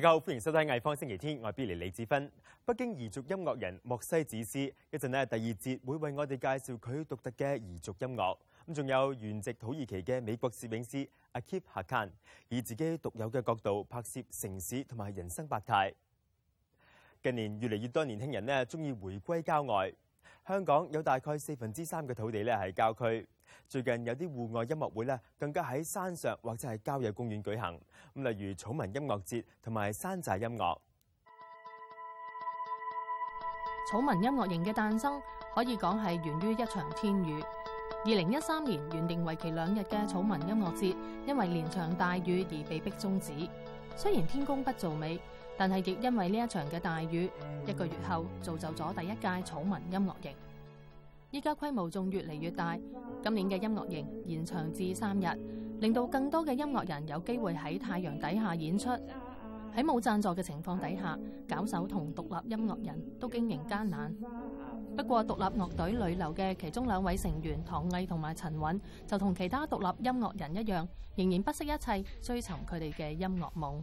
大家好，歡迎收睇藝方星期天，我係 Billy 李子芬。北京彝族音樂人莫西子詩，一陣呢，第二節會為我哋介紹佢獨特嘅彝族音樂，咁仲有原籍土耳其嘅美國攝影師 Akif Hakan，以自己獨有嘅角度拍攝城市同埋人生百態，近年越嚟越多年輕人呢中意回歸郊外。香港有大概四分之三嘅土地咧係郊區，最近有啲戶外音樂會咧更加喺山上或者係郊野公園舉行，咁例如草民音樂節同埋山寨音樂。草民音樂營嘅誕生可以講係源於一場天雨。二零一三年原定為期兩日嘅草民音樂節，因為連場大雨而被迫終止。雖然天公不造美。但係，亦因為呢一場嘅大雨，一個月後造就咗第一屆草民音樂營。依家規模仲越嚟越大。今年嘅音樂營延長至三日，令到更多嘅音樂人有機會喺太陽底下演出。喺冇贊助嘅情況底下，搞手同獨立音樂人都經營艱難。不過，獨立樂隊旅流嘅其中兩位成員唐毅同埋陳韻就同其他獨立音樂人一樣，仍然不惜一切，追尋佢哋嘅音樂夢。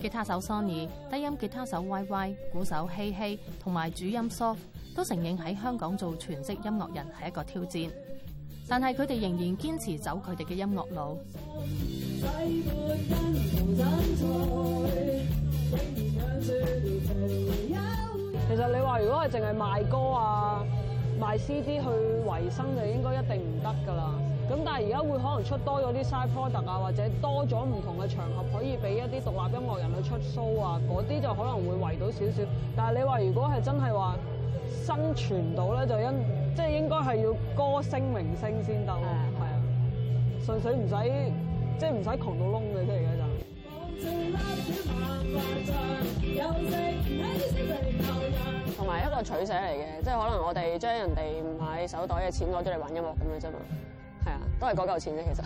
吉他手 Sony、低音吉他手 YY、鼓手希希同埋主音 Sho 都承認喺香港做全職音樂人係一個挑戰，但係佢哋仍然堅持走佢哋嘅音樂路。其實你話如果係淨係賣歌啊，賣 CD 去維生就應該一定唔得㗎啦，咁但係而家會可能會出多咗啲 side product 啊，或者多咗唔同嘅場合可以俾一啲獨立音樂人去出 show 啊，嗰啲就可能會圍到少少。但係你話如果係真係話生存到咧，就應即係應該係要歌星明星先得，係啊的的，純粹唔使即係唔使窮到窿嘅啫而家就。 同埋一個取捨嚟嘅，即係可能我哋將人哋唔買手袋嘅錢攞出嚟玩音樂咁樣啫嘛，係啊，都係嗰嚿錢啫其實。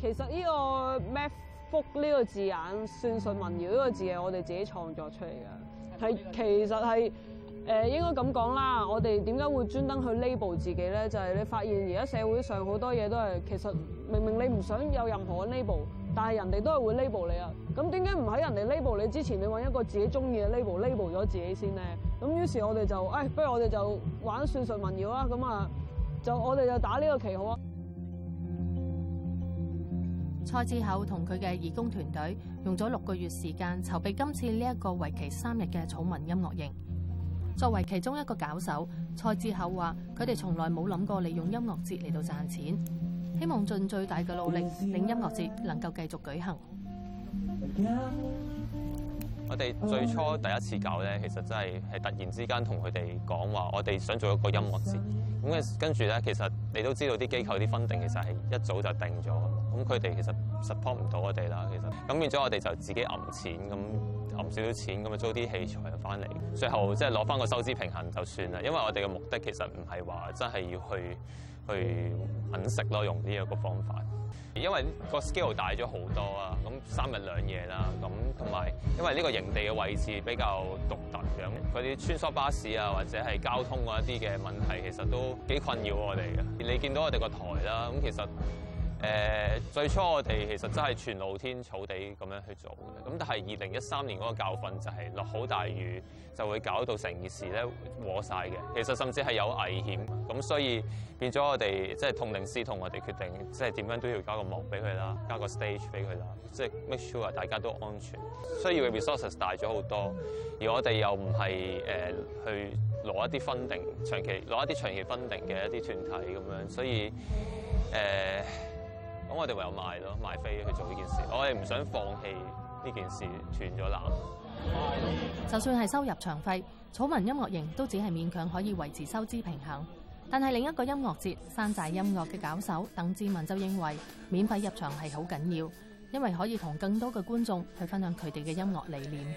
其實呢個 Math folk 呢個字眼，算術民謠呢個字係我哋自己創作出嚟㗎，係其實係。誒、呃，應該咁講啦。我哋點解會專登去 label 自己咧？就係、是、你發現而家社會上好多嘢都係其實明明你唔想有任何嘅 label，但係人哋都係會 label 你啊。咁點解唔喺人哋 label 你之前，你搵一個自己中意嘅 label，label 咗自己先呢？咁於是我哋就誒，不如我哋就玩山寨民謠啊。咁啊，就我哋就打呢個旗號啊。蔡志厚同佢嘅義工團隊用咗六個月時間籌備今次呢一個為期三日嘅草民音樂營。作為其中一個搞手，蔡志厚話：佢哋從來冇諗過利用音樂節嚟到賺錢，希望盡最大嘅努力令音樂節能夠繼續舉行。我哋最初第一次搞咧，其實真係係突然之間同佢哋講話，我哋想做一個音樂節。咁嘅跟住咧，其實你都知道啲機構啲 funding 其實係一早就定咗㗎嘛。咁佢哋其實 support 唔到我哋啦。其實咁變咗我哋就自己揞錢咁。攬少少錢咁啊，租啲器材啊翻嚟，最後即係攞翻個收支平衡就算啦。因為我哋嘅目的其實唔係話真係要去去揾食咯，用呢一個方法。因為個 scale 大咗好多啊，咁三日兩夜啦，咁同埋因為呢個營地嘅位置比較獨特，咁嗰啲穿梭巴士啊或者係交通嗰一啲嘅問題，其實都幾困擾我哋嘅。你見到我哋個台啦，咁其實。誒、呃、最初我哋其實真係全露天草地咁樣去做嘅，咁但係二零一三年嗰個教訓就係落好大雨就會搞到成件事咧禍晒嘅，其實甚至係有危險，咁所以變咗我哋即係痛定思痛，我哋決定即係點樣都要加個幕俾佢啦，加個 stage 俾佢啦，即係 make sure 大家都安全。需要嘅 resources 大咗好多，而我哋又唔係誒去攞一啲分定長期攞一啲長期分定嘅一啲團體咁樣，所以誒。呃。咁我哋唯有賣咯，賣飛去做呢件事。哦、我哋唔想放棄呢件事，斷咗纜。就算係收入場費，草民音樂營都只係勉強可以維持收支平衡。但係另一個音樂節，山寨音樂嘅搞手，鄧志文就認為免費入場係好緊要，因為可以同更多嘅觀眾去分享佢哋嘅音樂理念。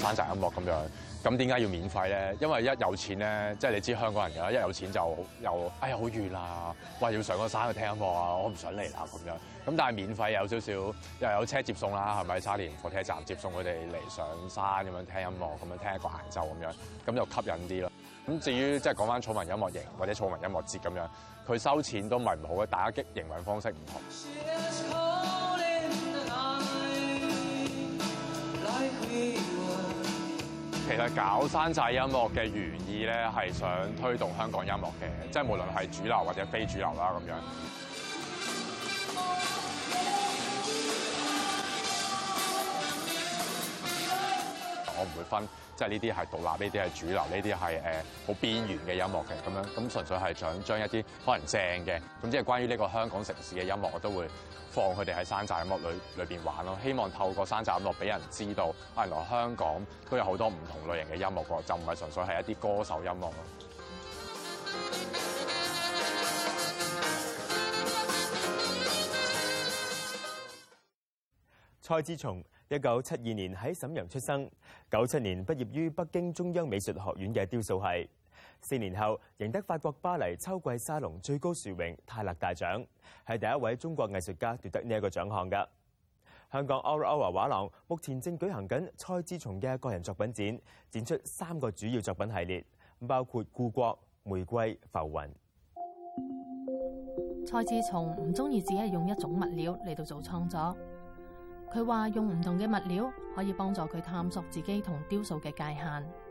山寨音樂咁樣。咁點解要免費咧？因為一有錢咧，即係你知香港人噶啦，一有錢就又哎呀好遠啦哇，要上個山去聽音樂啊，我唔想嚟啦咁樣。咁但係免費有少少，又有車接送啦，係咪沙田火車站接送佢哋嚟上山咁樣聽音樂，咁樣聽一個晏晝咁樣，咁就吸引啲咯。咁至於即係講翻草民音樂營或者草民音樂節咁樣，佢收錢都唔係唔好嘅，打擊營運方式唔同。其實搞山寨音樂嘅原意咧，係想推動香港音樂嘅，即係無論係主流或者非主流啦。咁樣 我唔會分，即係呢啲係獨立，呢啲係主流，呢啲係誒好邊緣嘅音樂嘅咁樣。咁純粹係想將一啲可能正嘅，咁即係關於呢個香港城市嘅音樂，我都會，放佢哋喺山寨音樂裏裏邊玩咯，希望透過山寨音樂俾人知道，啊，原來香港都有好多唔同類型嘅音樂喎，就唔係純粹係一啲歌手音樂咯。蔡志松，一九七二年喺沈陽出生，九七年畢業於北京中央美術學院嘅雕塑系。四年後贏得法國巴黎秋季沙龍最高殊榮泰勒大獎，係第一位中國藝術家奪得呢一個獎項噶。香港歐羅歐畫廊目前正舉行緊蔡志松嘅個人作品展，展出三個主要作品系列，包括故國、玫瑰、浮雲。蔡志松唔中意只係用一種物料嚟到做創作，佢話用唔同嘅物料可以幫助佢探索自己同雕塑嘅界限。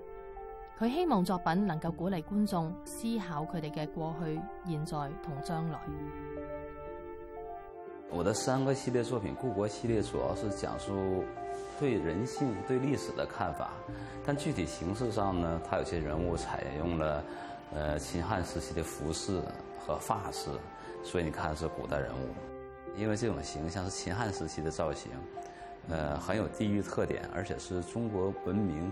佢希望作品能夠鼓勵觀眾思考佢哋嘅過去、現在同將來。我的三個系列作品《故國》系列，主要是講述對人性、對歷史的看法。但具體形式上呢，它有些人物採用了呃，秦漢時期的服飾和髮飾，所以你看是古代人物。因為這種形象是秦漢時期的造型，呃，很有地域特點，而且是中國文明。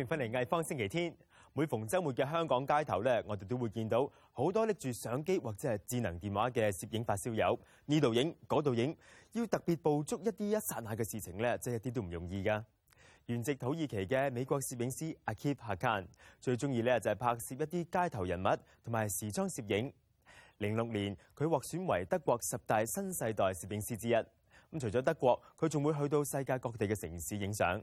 歡迎返嚟《藝方星期天》。每逢周末嘅香港街頭呢，我哋都會見到好多拎住相機或者係智能電話嘅攝影發燒友，呢度影嗰度影，要特別捕捉一啲一剎那嘅事情呢，真係一啲都唔容易㗎。原籍土耳其嘅美國攝影師 Akif Hakan 最鍾意呢就係、是、拍攝一啲街頭人物同埋時裝攝影。零六年佢獲選為德國十大新世代攝影師之一。咁除咗德國，佢仲會去到世界各地嘅城市影相。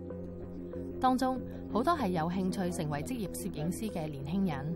當中好多係有興趣成為職業攝影師嘅年輕人。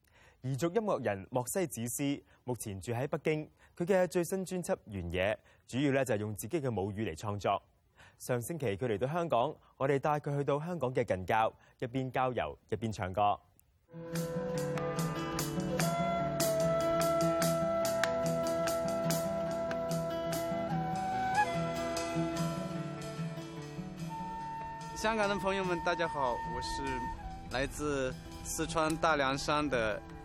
彝族音樂人莫西子詩目前住喺北京，佢嘅最新專輯《原野》主要咧就係用自己嘅母語嚟創作。上星期佢嚟到香港，我哋帶佢去到香港嘅近郊，一邊郊遊一邊唱歌。香港的朋友們，大家好，我是來自四川大涼山的。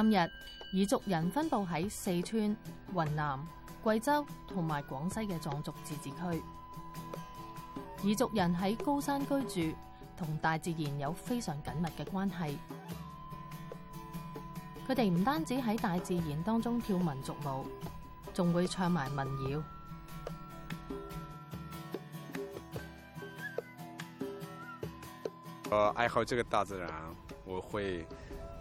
今日彝族人分布喺四川、雲南、貴州同埋廣西嘅藏族自治區。彝族人喺高山居住，同大自然有非常緊密嘅關係。佢哋唔單止喺大自然當中跳民族舞，仲會唱埋民謠。我愛好這個大自然，我會。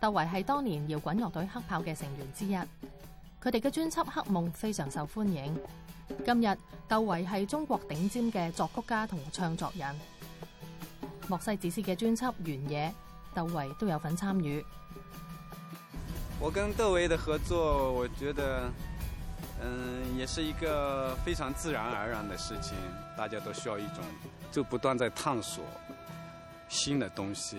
竇唯係當年搖滾樂隊黑豹嘅成員之一，佢哋嘅專輯《黑夢》非常受歡迎今天。今日竇唯係中國頂尖嘅作曲家同唱作人，莫西子詩嘅專輯《原野》，竇唯都有份參與。我跟竇唯嘅合作，我覺得，嗯，也是一個非常自然而然的事情。大家都需要一種，就不斷在探索新的東西。